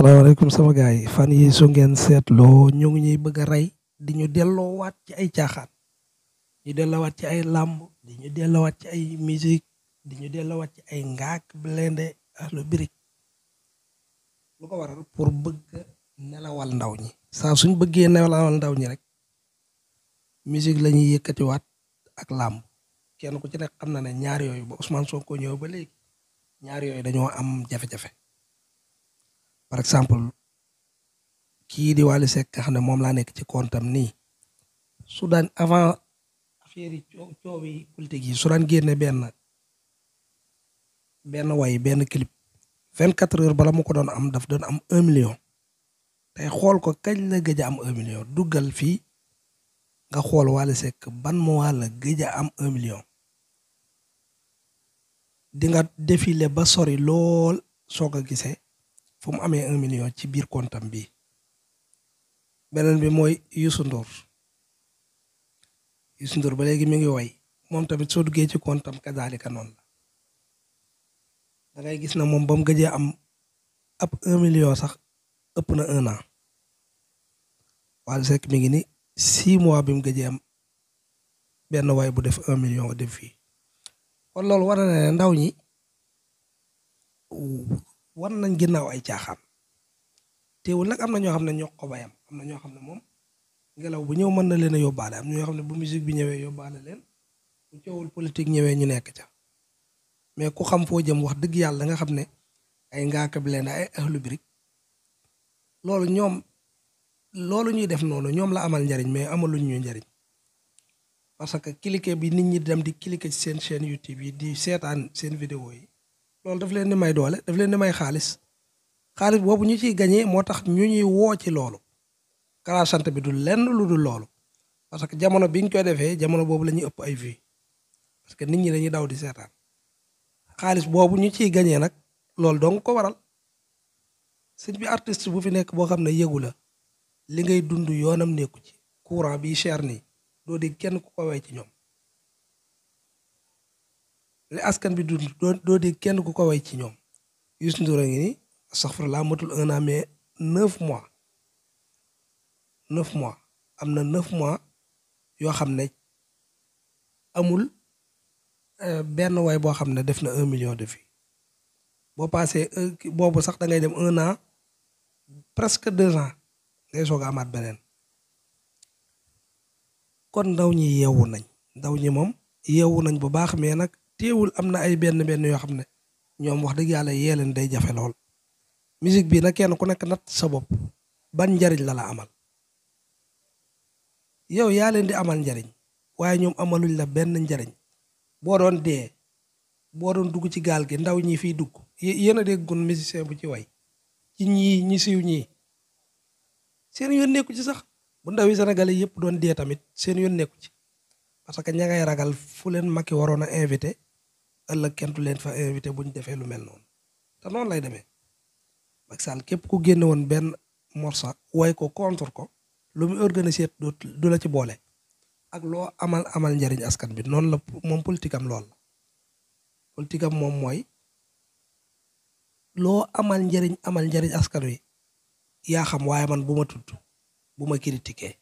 salaamaaleykum sama gars yi fan yi su ngeen seetloo ñu ngi ñuy bëgg a rey di ñu delloowaat ci ay caaxaan ñu delloowaat ci ay làmb di ñu delloowaat ci ay musique di ñu delloowaat ci ay ngaak blende ak lu birig lu ko waral pour bëgg nelawal ndaw ñi saa suñ bëggee nelawal ndaw ñi rek musique la ñuy yëkkatiwaat ak làmb kenn ku ci nekk xam na ne ñaar yooyu ba soon Sonko ñëw ba léegi ñaar yooyu dañoo am jafe-jafe par exemple kii di Wally Seck nga xam ne moom laa nekk ci kontam nii su avant affaire yi coow yi politique génne benn benn way benn clip vingt quatre heures bala mu ko doon am daf doon am un million tey xool ko kañ la gëj a am un million duggal fii nga xool Wally Seck ban mois la gëj a am un million di nga défilé ba sori lool soo ko gisee fu mu amee un million ci biir kontam bi beneen bi mooy Youssou Ndour yuusu Ndour ba léegi mi ngi woy moom tamit soo duggee ci kontam kazaalika noonu la dangay gis na moom ba mu gëjee am ab un million sax ëpp na un an Wally Seck mi ngi ni six mois bi mu gëjee am benn waay bu def un million def fii kon loolu ne ndaw ñi war nañ ginnaaw ay caaxaan teewul nag am na ñoo xam ne ñoo bayam am na ñoo xam ne moom ngelaw bu ñëw mën na leen a yóbbaale am ñoo xam ne bu musique bi ñëwee yóbbaale leen bu coowul politique ñëwee ñu nekk ca mais ku xam foo jëm wax dëgg yàlla nga xam ne ay ngaaka bi leen ay ahlu birik loolu ñoom loolu ñuy def noonu ñoom la amal njariñ mais amaluñ ñu njariñ parce que cliquer bi nit ñi dem di cliquer ci seen chaîne YouTube yi di seetaan seen vidéo yi loolu daf leen di may doole daf leen di may xaalis xaalis boobu ñu ciy gañee moo tax ñu ñuy woo ci loolu Kara sant bi du lenn lu dul loolu parce que jamono bi ñu koy defee jamono boobu la ñuy ëpp ay vie parce que nit ñi dañuy daw di seetaan xaalis boobu ñu ciy gañee nag loolu dong ko waral sëñ bi artiste bu fi nekk boo xam ne yëgu la li ngay dund yoonam nekku ci courant bi cher nii doo dégg kenn ku ko way ci ñoom li askan bi du doo doo dégg kenn ku ko way ci ñoom Youssou Ndour ngi nii astaghfirullah matul un an mais neuf mois neuf mois am na neuf mois yoo xam ne amul euh, benn way boo xam ne def na un million de vues boo paasee euh, boobu sax da dem un an presque deux ans ngay soog a amaat beneen kon ndaw ñi yeewu nañ ndaw ñi moom yeewu nañ bu baax mais nag teewul am na ay benn benn yoo xam ne ñoom wax dëgg yàlla yee leen day jafe lool. musique bii nag kenn ku nekk nat sa bopp ban njariñ la la amal yow yaa leen di amal njariñ waaye ñoom amaluñ la benn njariñ boo doon dee boo doon dugg ci gaal gi ndaw ñi fii dugg yéen a déggoon musicien bu ci way ci ñii ñi siiw ñii seen yoon nekku ci sax bu ndaw yi sénégalais yëpp doon dee tamit seen yoon nekku ci parce que ña ngay ragal fu leen Macky waroon a invité ëllëg kenn du leen fa invité bu ñu defee lu mel noonu te noonu lay deme Macky képp ku génne woon benn morsa woy ko contre ko lu mu organisé du la ci boole ak loo amal amal njariñ askan bi noonu la moom politique am lool la politique am moom mooy loo amal njariñ amal njariñ askan wi yaa xam waaye man bu ma tudd bu ma critiquer